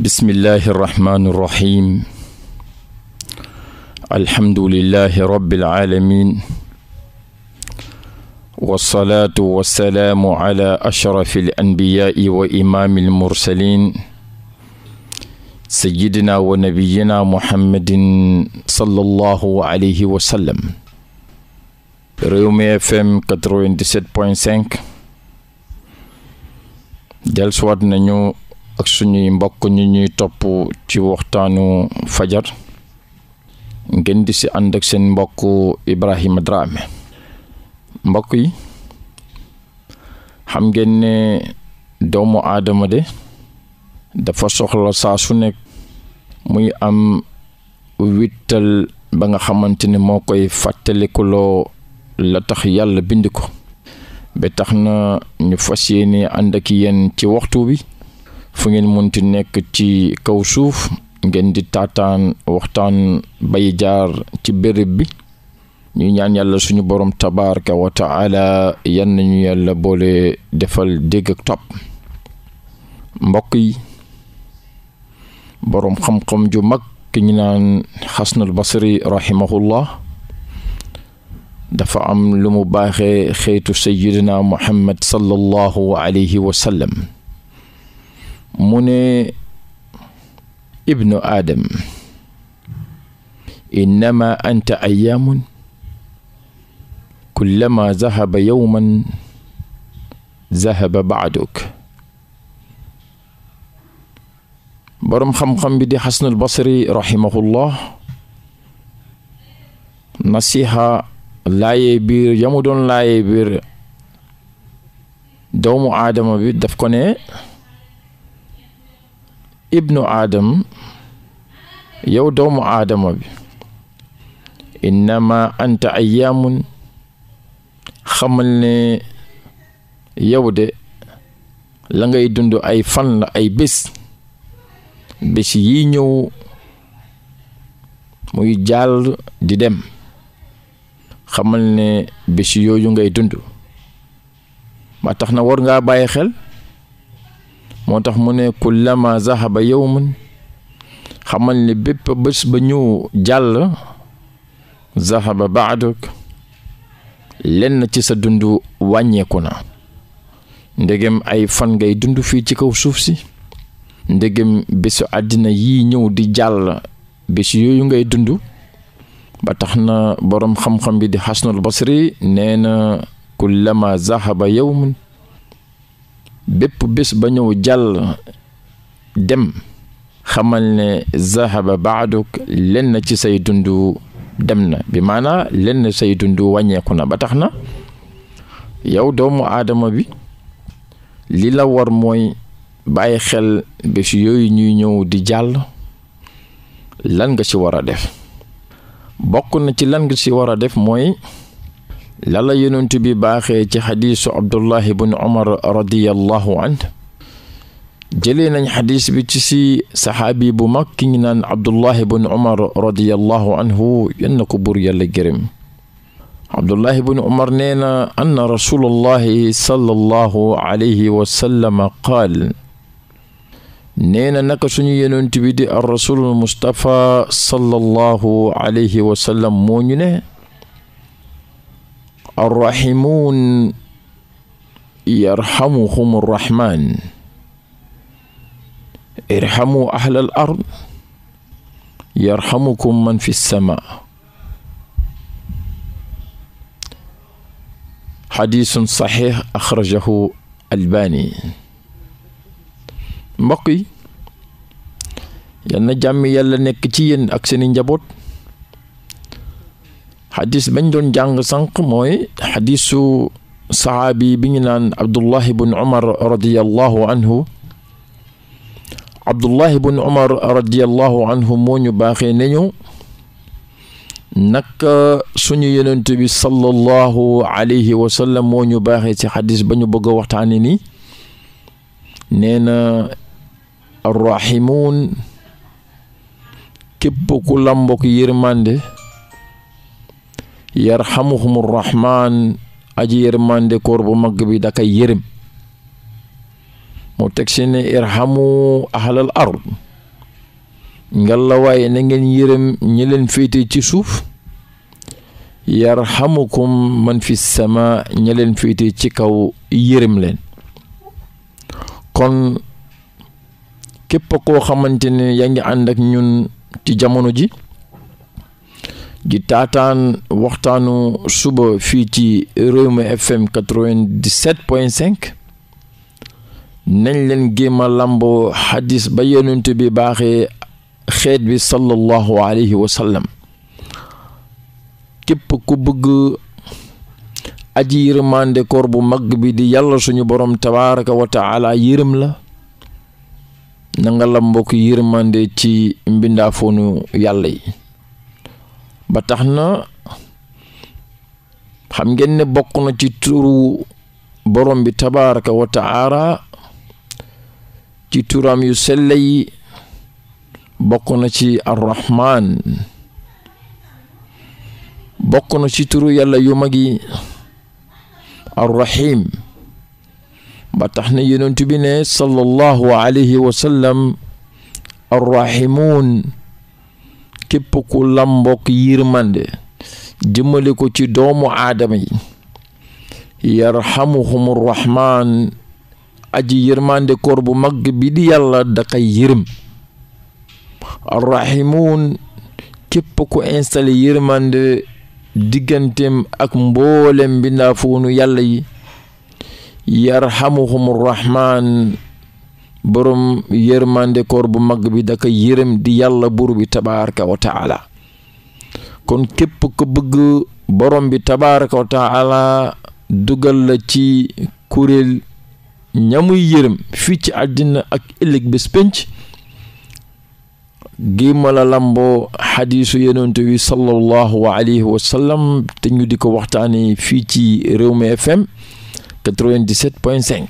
bismillahi irrahmani irrahim alhamdulilahi rabiilalamin walsalaatu walsalaamu ala ashrafi alanbiyaai wa imaami almursalin sayidina wa nabiyina muhammadin sallallahu alayhi wa sallam Rewmi FM 97 point 5 delsuwaat nañu ak suñuy mbokk ñu ñuy topp ci waxtaanu fajar ngeen di si ànd ak seen mbokk Ibrahima Drame mbokk yi xam ngeen ne doomu aadama de dafa soxla saa su nekk muy am wittal ba nga xamante ne moo koy fàttalikuloo la tax yàlla bind ko ba tax na ñu fas yéene ànd ak yenn ci waxtu bi fu ngeen munti nekk ci kaw suuf ngeen di taataan waxtaan bay jaar ci béréb bi ñuy ñaan yàlla suñu borom tabaraka wa taala yan nañu yàlla boole defal dégg ak topp mbokk yi boroom xam-xam ju mag ki ñu naan xasnal basri rahimahullah dafa am lu mu baaxe xeetu sayyidina muhammad sallallahu alayhi wa sallam mu ne ibnu aadam innama anta ayaamun kullama zahaba yowman zahaba baaduk boroom xam-xam bi di xasanul basri rahimahullah nasiha laayee biir yamu doon laayee biir doomu aadama bi daf ko ne ibnu aadam yow doomu aadama bi innama anta ayyaamun xamal ne yow de la ngay dund ay fan la ay bés bés yi ñëw muy jàll di dem xamal ne bés yooyu ngay dund ba tax na war ngaa bàyyi xel moo tax mu ne kullama zahaba yawmun xamal ne bépp bés ba ñëw jàll zahaba baaduk lenn ci sa dund wàññeeku na ndegem ay fan ngay dund fii ci kaw suuf si ndegem bésu àddina yi ñëw di jàll bés yooyu ngay dund ba tax na boroom xam-xam bi di xasnul basri nee na kullama zahaba yawmun bépp bés ba ñëw jàll dem xamal ne zahaba baaduk lenn ci say dundu dem na bi maanaa lenn say dundu wàññeeku na ba tax na yow doomu aadama bi lii la war mooy bàyyi xel bés yooyu ñuy ñëw di jàll lan nga ci war a def bokk na ci lan nga ci war a def mooy lala yonent bi baaxe ci xadiisu abdullahi bnu umar radiallahu an jëlee nañ xadiis bi ci si saxaabi bu mag ki ñu naan abdullahi bnu umar radiallahu anhu yan na ko buur yàlla gërëm abdullahi bnu umar nee na anna rasulullahi sallallahu alayhi wasallama qaal nee na naka suñu yonent bi di ar rasulul mustapha sallallahu alayhi wasallam moo ñu ne arrahimun yarhamuhum arrahman irhamu ahlal ard yarhamukum man fi sama xadisun saxiix axrajahu albani mbokk yi yal na jàmm yàlla nekk ci yéen ak seeni njaboot xadis bañ doon jàng sànq mooy xadisu saxaabi bi ñu naan abdullahi bun umar radiallahu anhu abdullahi bun umar radiallahu anhu moo ñu baaxee nañu naka suñu yonent bi sallallahu alayhi wa sallam moo ñu baaxee ci xadis ba bëgg a ni nee na arrahimuun képp ku làmbok yërmande yar yarhamuhumur rahman aj yërmande màndekoor bu mag bi da kay yërëm teg si ne irhamu ahlal ard ngalla waaye na ngeen yërëm ñi leen féete ci suuf yar xamu yarhamukum man fi sama ñi leen féete ci kaw yërëm leen kon képp koo xamante ne yaa ngi ànd ak ñun ci jamono ji di taataan waxtaanu suba fii ci Rewmi FM 97.5 nañ leen géema làmboo xadis ba yonent bi baaxee xeet bi sallallahu alayhi wa képp ku bëgg aji yërëmande koor bu mag bi di yàlla suñu boroom tabaraka wa taala yërëm la na nga lamboo ci mbindaafoonu yàlla yi ba tax na xam ngeen ne bokk na ci borom bi tabaraka wa taala ci turam yu sell yi bokk na ci arrahman bokk na ci turu yàlla yu magi arrahim ba tax na yonent bi ne sallallahu alayhi wa sallam képp ku làmbook yërmande jëmale ko ci doomu aadama yi yarhamuhum rahmaan aji yërmande koor bu mag bi di yàlla da kay yërëm arrahimuun képp ku installé yërmande digganteem ak mboolem mbindaafoonu yàlla yi yarhamuhum rahmaan borom yërmande koor bu mag bi daka yërëm di yàlla buur bi tabaraka wa taala kon képp ko bëgg borom bi tabaraka wa taala dugal la ci kuréel ñamuy yërëm fii ci àddina ak ëllëg bés pénc gi ma la lamboo xadiisu yonente wi sallallahu alayhi te ñu di ko waxtaane fii ci réew Rewmi FM 97.5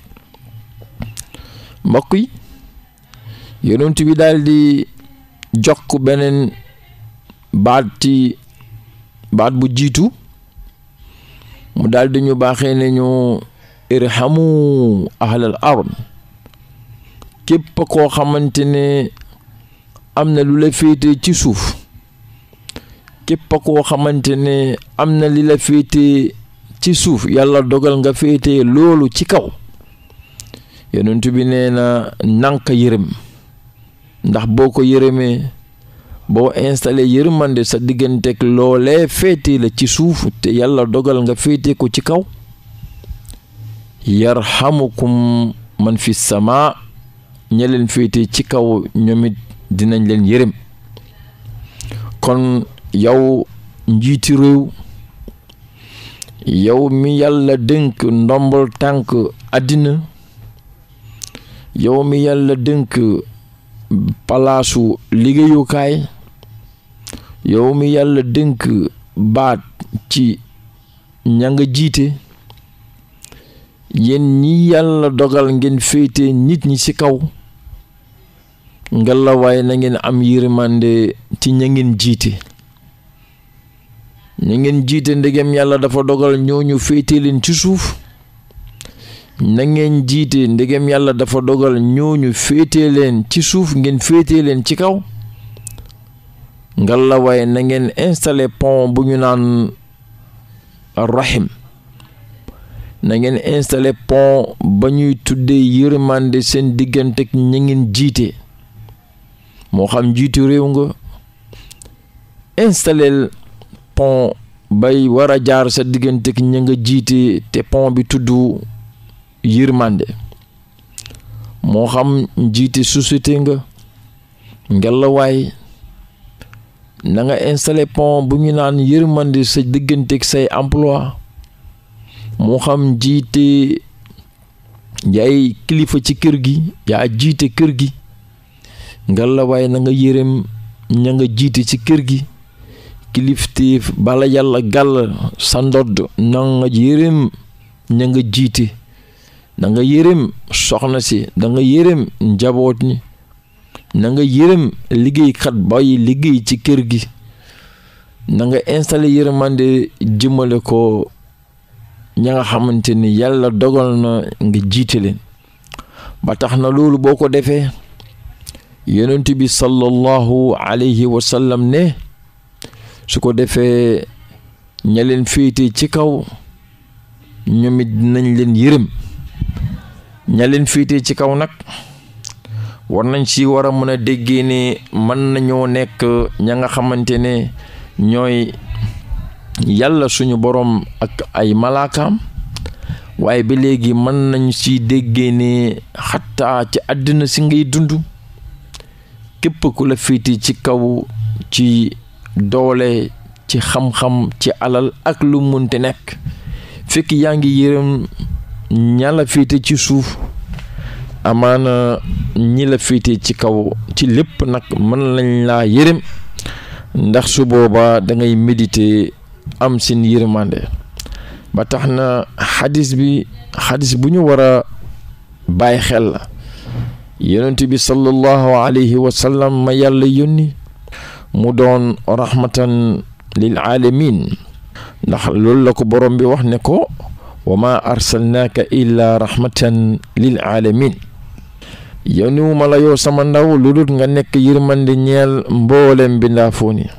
mbokk yi yonent bi daal di jokk beneen baat baat bu jiitu mu daldi ñu baaxee ne ñu irhamu ahlal ard képp koo xamante ne ci suuf képp koo xamante ne am na li la féete ci suuf yàlla dogal nga féete loolu ci kaw yonent bi nee na nanka yërëm ndax boo ko yërëmee boo installé yërmande sa digganteeg loolee féete la ci suufu te yàlla dogal nga féete ko ci kaw yar yarhamukum man fi sama ña leen ci kaw ñoom it dinañ leen yërëm kon yow njiiti réew yow mi yàlla dënk ndombol tànk àddina yow mi yàlla dënk palaasu liggéeyukaay yow mi yàlla dënk baat ci ña nga jiite yéen ñi yàlla dogal ngeen féete nit ñi ci kaw ngelawaay na ngeen am yërmande ci ña ngeen jiite ña ngeen jiite ndegem yàlla dafa dogal ñooñu féete leen ci suuf na ngeen jiite ndegem yàlla dafa dogal ñooñu féete leen ci suuf ngeen féete leen ci kaw ngalla waaye na ngeen installé pont bu ñu naan rahim na ngeen installé pont ba ñuy tuddee yërmande seen diggante ak ña ngeen jiite moo xam jiitu réew nga installé pont bay war a jaar sa diggante ak ña nga jiite te pont bi tudd. yërmande moo xam njiiti société nga ngelawaay na nga installé pont bu ñu naan yërmande sa digganteeg say emploi moo xam jiite yaay kilifa ci kër gi yaa jiite kër gi ngelawaay nanga nga yërëm ña nga jiite ci kër gi kilifteef bala yàlla gàll sa ndodd na yërëm ña nga jiite danga nga yërëm soxna si danga nga njaboot ñi na nga yërëm liggéeykat bay liggéey ci kër gi na nga installé yërmande jëmale ko ña nga xamante ni yàlla dogal na nga jiite leen ba tax na loolu boo ko defee yonent bi sallallahu alayhi wa ne su ko defee ña leen féete ci kaw ñoom it dinañ leen yërëm ñaleen leen ci kaw nag war nañ si war a mën a déggee ne mën nañoo nekk ña nga xamante ne ñooy yàlla suñu boroom ak ay malaakaam waaye ba léegi mën nañ si déggee ne xattaa ci àddina si ngay dund képp ku la féete ci kaw ci doole ci xam-xam ci alal ak lu munte nekk fekk yaa ngi yërëm ña la féete ci suuf amaana ñi la féete ci kaw ci lépp nag mën lañ laa yërëm ndax su boobaa dangay ngay am seen yërmande ba tax na xadis bi xadis bu ñu war a bàyyi xel la yonent bi sallallahu alayhi ma yàlla yónni mu doon rahmatan lil alamin ndax loolu la ko borom bi wax ne ko wa maa arsalnaaka illaa rahmatan lil aalamin yónniwuma la yow sama ndaw lu dul nga nekk yërmande ñeel mboolem mbindaafoon yi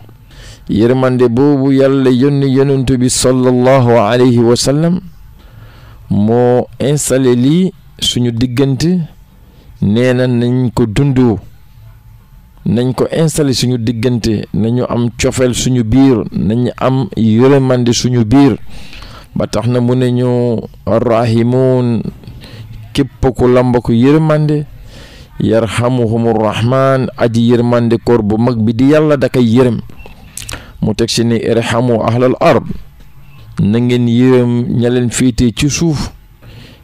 yërmande boobu yàlla yónni yonentu bi sallallahu alayhi wa sallam moo installé lii suñu diggante nee na nañ ko dundu nañ ko installé suñu diggante nañu am cofeel suñu biir nañu am yërmande suñu biir ba tax na mu ne ñu rahimun képp ku lamba ko yërmande yarhamuhumu rahman aji yërmande koor bu mag bi di yàlla da kay yërëm mu teg si ne irhamu ahlal ard na ngeen yërëm ña leen ci suuf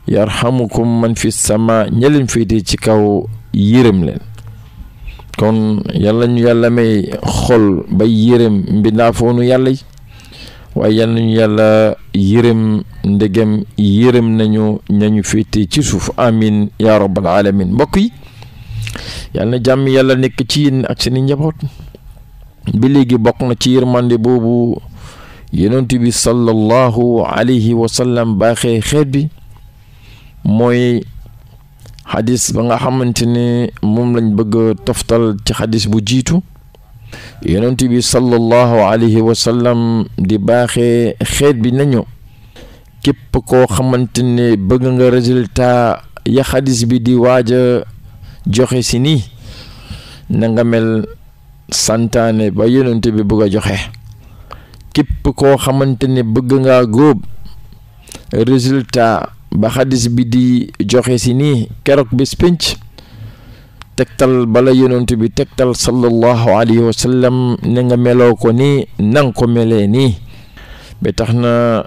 yarhamukum man fi sama ña leen féetee ci kaw yërëm leen kon yàlla ñu yàlla may xol ba yërëm mbindaafoonu yàlla waaye yal nañu yàlla yërëm ndegem yërëm nañu ñañu féete ci suuf amin yaa rabbal alamin mbokk yi yal na jàmm yàlla nekk ci yéen ak seeni njaboot bi léegi bokk na ci yërmande boobu yonent bi sallallahu alayhi wa sallam baaxee xeet bi mooy xadis ba nga xamante ne moom lañ bëgg toftal ci xadis bu jiitu yonent bi sallallahu alayhi wa sallam di baaxee xeet bi nañu képp koo xamante ne bëgg nga résultat ya xadis bi di waaj a joxe si nii na nga mel santaane ba yonent bi bëgg a joxe képp koo xamante ne bëgg nga góob résultat ba xadis bi di joxe si nii keroog bés pénc tegtal bala yonent bi tegtal sallallahu alayhi wa sallam ne nga meloo ko nii nanga ko melee nii ba tax na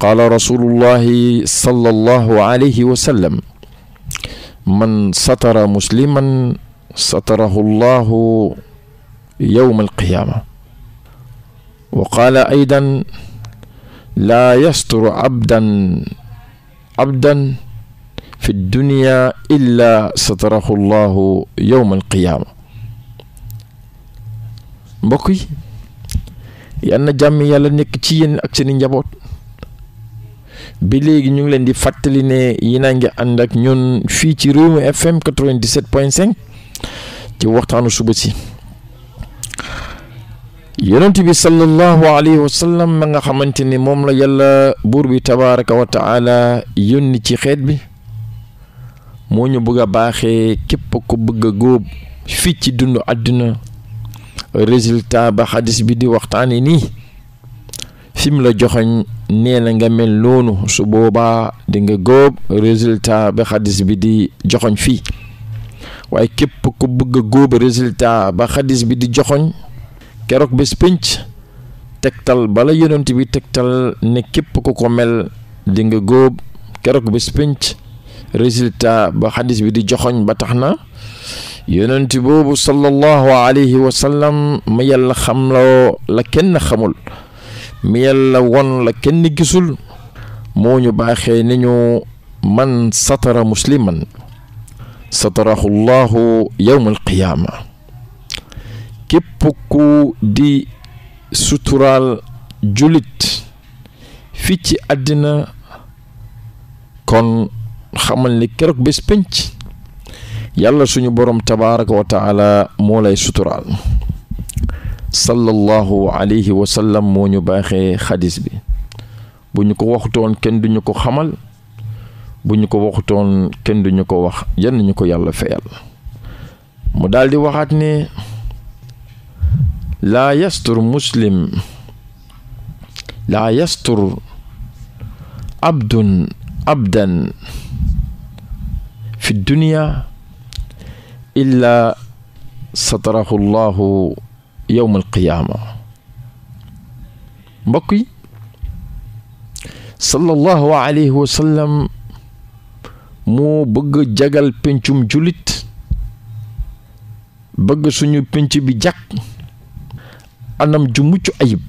qaala rasulullahi sallallahu alayhi wa sallam man satara musliman satarahu llahu yowma alqiyaama wa qaala aydan laa yasturu abdan abdan fi dunia illa satarahu llahu yowma alqiyaama mbokk yi yal na jàmm yàlla nekk ci yéen ak seeni njaboot bi léegi ñu ngi leen di fàttali ne yi naa ngi ànd ak ñun fii ci Rewmi FM 97.5 ci waxtaanu suba si yonent bi sallallahu alayhi wa sallam ma nga xamante ni moom la yàlla buur bi tabaaraka wa taala yónni ci xeet bi moo ñu bëgg a baaxee képp ko bëgg a góob fii ci dund àdduna résultat ba xadis bi di waxtaane nii fi mu la joxoñ nee na nga mel noonu su boobaa di nga góob résultat ba xadis bi di joxoñ fii waaye képp ku bëgg a góob résultat ba xadis bi di joxoñ keroog bés pénc tegtal bala yonent bi tegtal ne képp ku ko mel dinga nga góob keroog bés pénc résultat ba xadis bi di joxoñ ba tax na yonent boobu sallallahu alayhi wa sallam yàlla xamloo la kenn xamul mi yàlla won la kenn gisul moo ñu baaxee ni ñu man satara musliman satarahu llahu yowma alqiyaama képp ku di suturaal julit fii ci àddina kon xamal ni keroog bés penc yàlla suñu boroom tabaaraka wa taala moo lay suturaal sallallahu alayhi wa moo ñu baaxee xadis bi bu ñu ko waxutoon kenn duñu ko xamal bu ñu ko waxutoon kenn duñu ko wax yan ñu ko yàlla fayal mu daldi waxaat ni laa yastur muslim laa yastur abdun abdan fi dunia illaa satarahu llahu yowm alqiyaama mbokk yi sallallahu alayhi wa sallam moo bëgg jagal pencum jullit bëgg suñu penc bi jàkk anam ju mucc ayib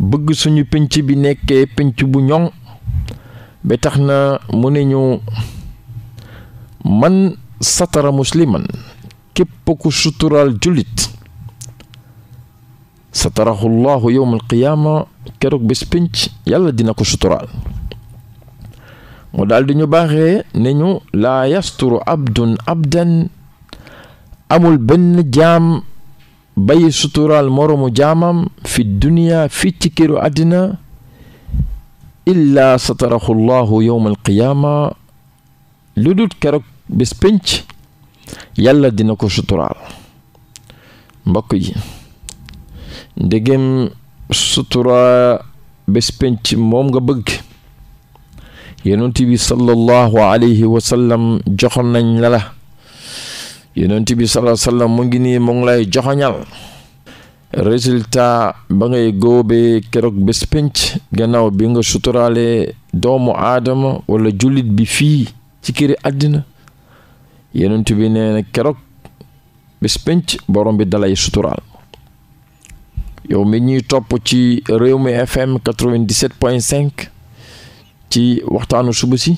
bëgg suñu penc bi nekkee penc bu ñoŋ ba tax na mu ne ñu man satara musliman képp ku suturaal jullit satarahu llahu yowm keroog bés pénc yàlla dina ko suturaal mu daal di ñu baaxee ne ñu laa yasturu abdun abdan amul benn jaam bay suturaal moroomu jaamam fi duniya fii ci këru àddina illaa satarahu llahu yowm lu dut keroog bés yàlla dina ko suturaal mbokk yi ndegem sutura bés moom nga bëgg yonent bi sallallahu alayhi wa sallam joxoon nañ la la yonent bi sallallahu sallam mu ngi nii mu ngi lay joxoñal résultat ba ngay góobee keroog bés gannaaw bi nga suturaale doomu aadama walla jullit bi fii ci këri àddina yonent bi nee na keroog bis pénc borom bi dalay suturaal yow mi ñuy topp ci réew mi fm 97.5 ci waxtaanu suba si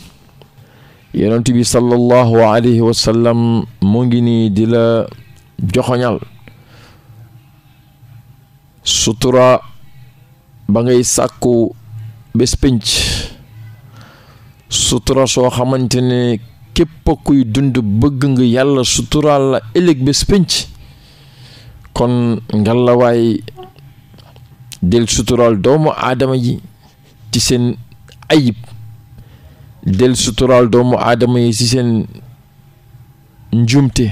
yonent bi sallallahu alayhi wa mu ngi nii di la joxoñal sutura ba ngay sàkku bés pénc sutura soo xamante képp kuy dund bëgg nga yàlla suturaal la ëllëg bés pénc kon ngalawaay del suturaal doomu aadama yi ci seen ayib del suturaal doomu aadama yi ci seen njumte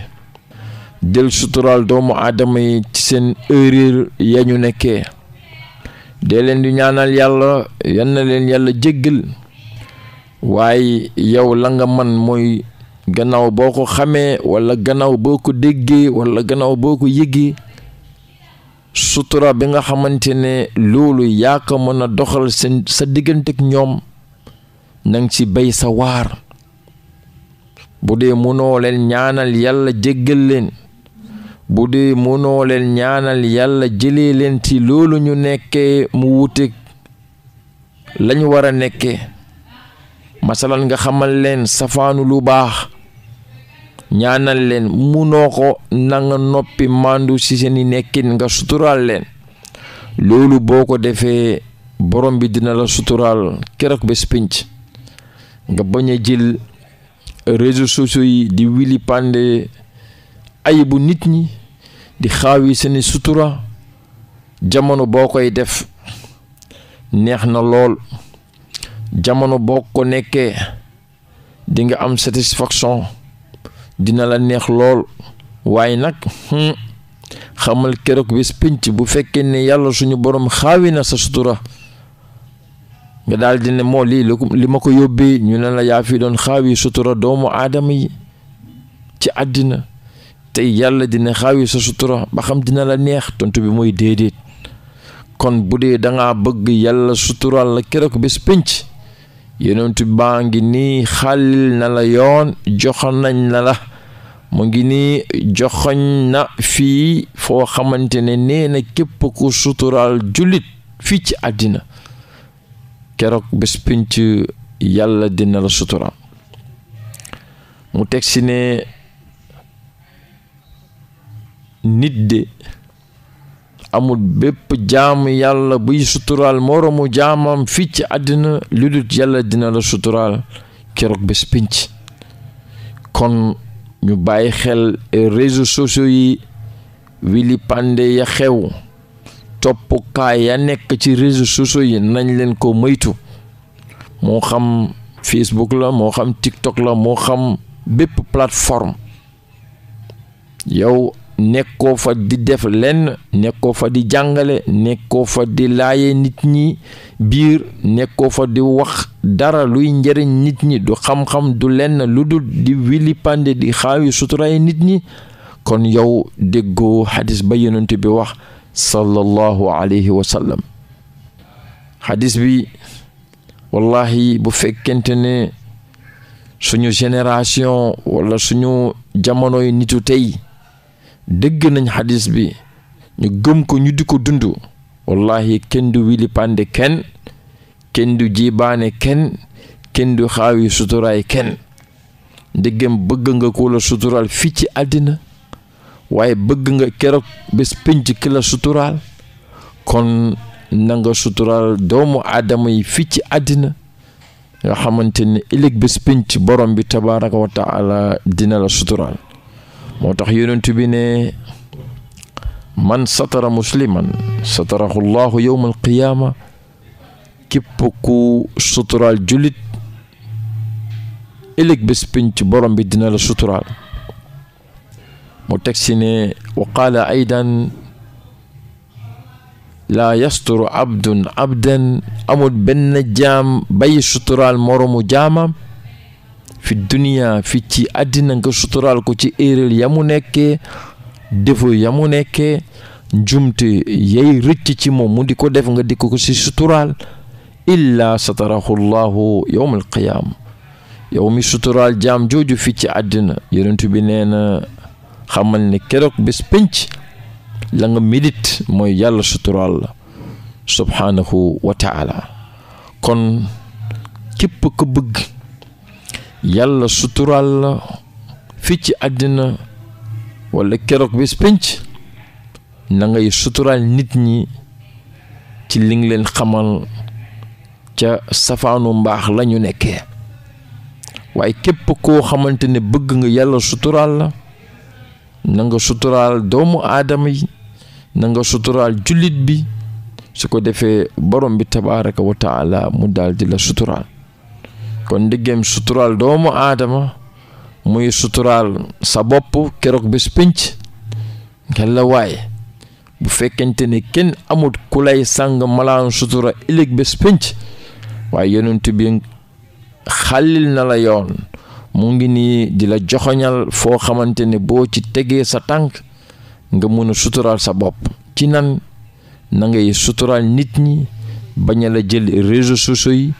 del suturaal doomu aadama seen erreur ya ñu nekkee dee leen di ñaanal yàlla yan na leen yàlla jéggal waaye yow la nga man mooy gannaaw boo ko xamee walla gannaaw boo ko déggee walla gannaaw boo ko yëggee sutura bi nga xamante ne loolu yaa ko mën a doxal seen sa digganteeg ñoom na nga ci bay sa waar bu dee mënoo leen ñaanal yàlla jéggal leen ñaanal yàlla jëlee leen ci loolu ñu nekkee mu wuteeg lañu war a nekkee masalan nga xamal leen safaanu lu baax ñaanal leen munoo ko na noppi màndu ci seeni nekkin nga suturaal leen loolu boo ko defee borom bi dina la suturaal keroog bés pinc nga bañ a jël réseaux sociaux yi di wili pande ayibu nit ñi di xawi seeni sutura jamono boo koy def neex na lool jamono boo ko nekkee dinga am satisfaction dina la neex lool waaye nag hmm, xamal keroog bés pénc bu fekkee ne yàlla suñu boroom xaawi na sa sutura nga daldi ne moo lii li ma ko yóbbee ñu ne la yaa fi doon xaawi sutura doomu aadama yi ci àddina te yàlla dina xaawi sa sutura ba xam dina la neex tontu bi mooy déedéet kon bu dee dangaa bëgg yàlla suturaal la keroog bés pénc yonentu baa ngi ni xalil na la yoon joxoñ nañ na la mu ngi ni joxoñ na fii foo xamante ne nee na képp ku suturaal jullit fii ci àddina keroog bés pinc yàlla dina la suturaal mu teg si nit de amul bépp jaam yàlla buy suturaal moroomu jaamam fii ci àddina lu dul yàlla dina la suturaal keroog bés pinc kon ñu bàyyi xel réseaux sociaux yi wili pande ya xew toppukaay ya nekk ci réseaux sociaux yi nañ leen ko maytu moo xam Facebook la moo xam TikTok la moo xam bépp plateforme yow nekkoo fa di def lenn nekkoo fa di jàngale nekkoo fa di laaye nit ñi biir nekkoo fa di wax dara luy njëriñ nit ñi du xam-xam du lenn lu dul di wili pande di xaawi suturaay nit ñi kon yow déggoo xadis ba yonent bi wax sallallahu alayhi wa sallam xadis bi wallahi bu fekkente ne suñu génération walla suñu jamonoy nitu tey dégg nañ xadis bi ñu gëm ko ñu di ko dund wallahi kenn du wili kenn kenn du jibaane kenn kenn du xaawi suturaay kenn ndegem bëgg nga ko la suturaal fii ci àddina waaye bëgg nga keroog bés pénc ki la suturaal kon nanga nga suturaal doomu aadama yi fii ci àddina nga xamante ne ëllëg bés pénc borom bi tabaaraka wa taala dina la suturaal moo tax yonent bi ne man satara musliman satarahu llahu yowma alqiyaama képp ku suturaal jullit ëllëg bés pinc borom bi dina la suturaal mu teg si ne wa qaala aydan laa yasturu abdun abdan amul benn jaam bay suturaal moromu jaamam fi duniya fi ci àddina nga suturaal ko ci éeréel ya mu nekkee défaut ya mu nekkee njumte yay rëcc ci moom mu di ko def nga di ko si suturaal illaa satarahu llahu yowm al qiyaama suturaal jaam jooju fi ci àddina yonentu bi nee na xamal ni keroog bés pénc la nga médite mooy yàlla suturaal la subhaanahu wa taala kon képp ko bëgg yàlla suturaal la fii ci àddina walla keroog bis pénc na ngay suturaal nit ñi ci ling leen xamal ca safaanu mbaax la ñu nekkee waaye képp koo xamante ne bëgg nga yàlla suturaal la na nga suturaal doomu aadama yi na nga suturaal jullit bi su ko defee borom bi tabaaraka wa taala mu daldi la suturaal kon ndiggéem suturaal doomu aadama muy suturaal sa bopp keroog bés pénc ngel la waaye bu fekkente ni kenn amut ku lay sàng malaan sutura ëllëg bés pénc waaye yonent bi xalil na la yoon mu ngi nii di la joxoñal foo xamante ne boo ci tegee sa tànk nga mën a suturaal sa bopp ci nan na ngay suturaal nit ñi bañ la jël réseaux sociaux yi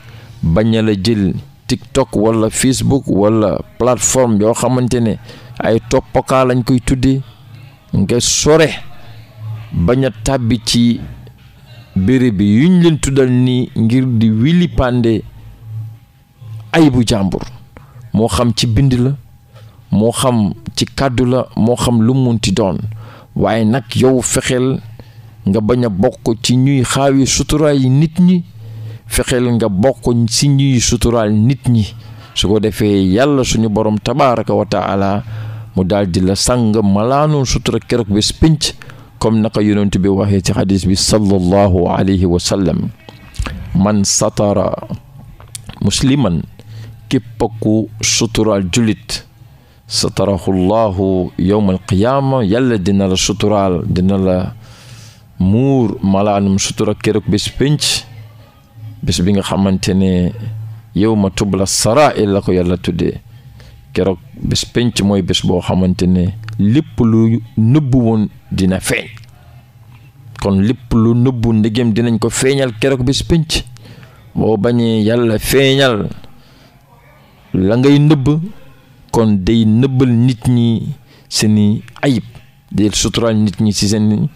bañ a la jël TikTok wala Facebook wala plateforme yoo xamante ne ay toppakaa lañ koy tudde nga sore bañ a tàbbi ci béréb yi yuñ leen tuddal ni ngir di wili pande ay bu jàmbur moo xam ci bind la moo xam ci kàddu la moo xam lu ti doon waaye nag yow fexeel nga bañ a bokk ci ñuy xaawi suturaay nit ñi fexeel nga bokk si ñuy suturaal nit ñi su ko defee yàlla suñu borom tabaaraka wa taala mu daldi la sàng malaanoon sutura keroog bés pénc comme naka yonent bi waxee ci xadis bi sallallahu alayhi wa sallam man satara musliman képp ku suturaal jullit satarahu llahu yowma yàlla dina la suturaal dina la muur malaanum sutura keroog bés pénc bés bi nga xamante ne yow ma tubla sarair la ko yàlla tuddee keroog bés penc mooy bés boo xamante ne lépp lu nëbb woon dina feeñ kon lépp lu nëbbu ndegem dinañ ko feeñal keroog bés penc moo bañee yàlla feeñal la ngay nëbb kon day nëbbal nit ñi seeni ayib day suturaal nit ñi ci seen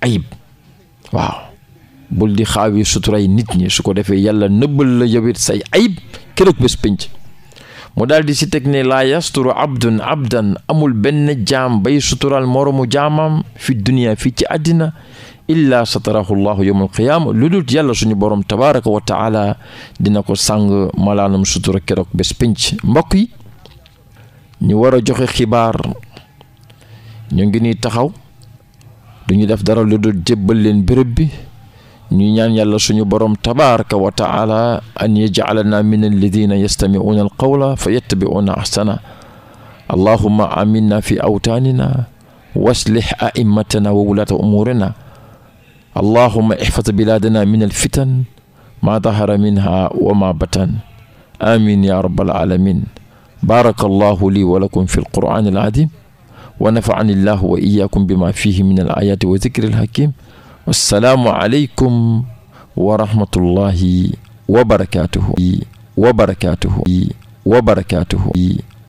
ayib waaw bul di xaawi suturay nit ñi su ko defee yàlla nëbbal la yowit say ayib keroog bés pénc mu daldi di si teg ne laa yasturu abdun abdan amul benn jaam bay sutural moromu jaamam fi duniya fii ci àddina illaa satarahu llahu yowmal qiyaama lu dul yàlla suñu borom tabaraka wa taala dina ko sàng malaanum sutura keroog bés pénc mbokk yi ñu war a joxe xibaar ñu ngi nii taxaw duñu def dara lu dul jébbal leen bërëb bi ñu ñaan yàlla suñu borom tabaraka wa taala an yajcalana min alladina yastamicuuna alqawla fa yattabicuuna ahsana allahuma aminna fi awtaanina waslih aimmatana wa wulaata umuurina allahuma ihfad bilaadana min alfitan maa dahara minha wa maa batan amin ya rabbal alamin baraka allahu lii wa lakum fi alqur'aani alcadiim wa nafacani allahu wa iyaakum bima fihi min alayaati wa zikri alhakiim wassalaamu aleykum wa rahmatullahi wa barakaatuhu wa barakaatuhu wa barakaatuhu